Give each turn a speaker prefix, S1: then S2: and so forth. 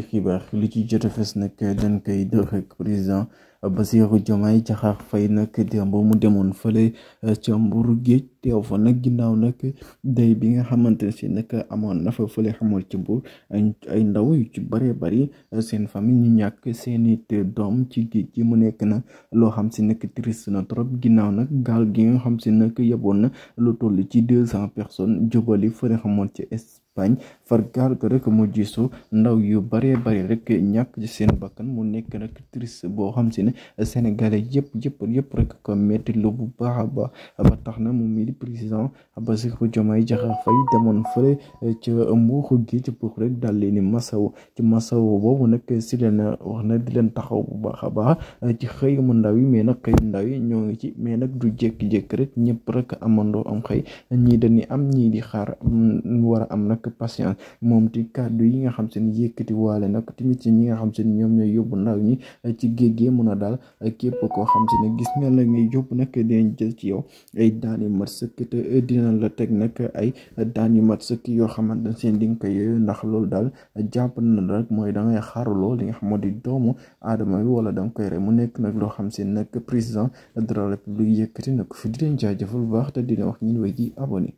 S1: ci xibaar li ci jot a fës nag dañ koy dër ak Bassirou Diomaye Diakhar fay nak démb mu demoon fële eh, ca Mbour géej teew fa nag ginnaaw nag day bi nga xamante ne si nag amoon na fa fële xamoon ci Mbour ay ndaw yu ci bëree bëri eh, seen famille ñu ñàkk seeni doom ci géej gi mu nekk na loo xam si nag triste na trop ginnaaw nag gaal gi nga xam si nag yeboon na lu toll ci deux cent personnes jubali fële xamoon ci Espagne far gaal ko rek mu gisu ndaw yu bëree bëri rek ñàkk ci seen bakkan mu nekk nag triste boo xam si ne sénégalais yëpp yëpp yëpp rek ko metti bu ba a baax ba tax na moom mii di président Bassirou Diomaye Diakhar Faye demoon fële eh, ca mbuuxu gi ci pour rek daal leen ni masaw ci wo boobu nag si leen wax na di leen taxaw bu baax a baax eh, ci xëy mu ndaw yi mais nag xëy ndaw yi ñoo ngi ci mais nag du jékki-jékki rek ñëpp rek amandoo am xëy ñii dañuy am ñii di xaar mm, war a am nag patience moom ti kàddu yi nga xam seen yëkkati waale nag tamit ci ñi nga xam seen ñoom ñooy yóbbu ndaw ñi eh, ci géej gi mën daal ay képp koo xam si ne gis nga la ngay yóbbu nag dinañ jël ci yow ay daan yu mat sëkk te dina la teg nag ay daan yu mat sëkk yoo xamante seen di nga koy ndax loolu daal jàpp na rek mooy da ngay xaaruloo li nga xam moo di doomu aadama wala da nga mu nekk nag loo xam si nag président de la république yëkkati nag fi di leen jaajëfal baax te dina wax ñun wéy ji abonné